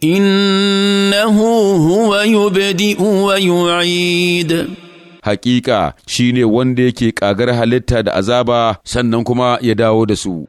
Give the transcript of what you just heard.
innahu huwa yubdi'u wa Haƙiƙa shi ne wanda yake ƙagar halitta da azaba sannan kuma ya dawo da su.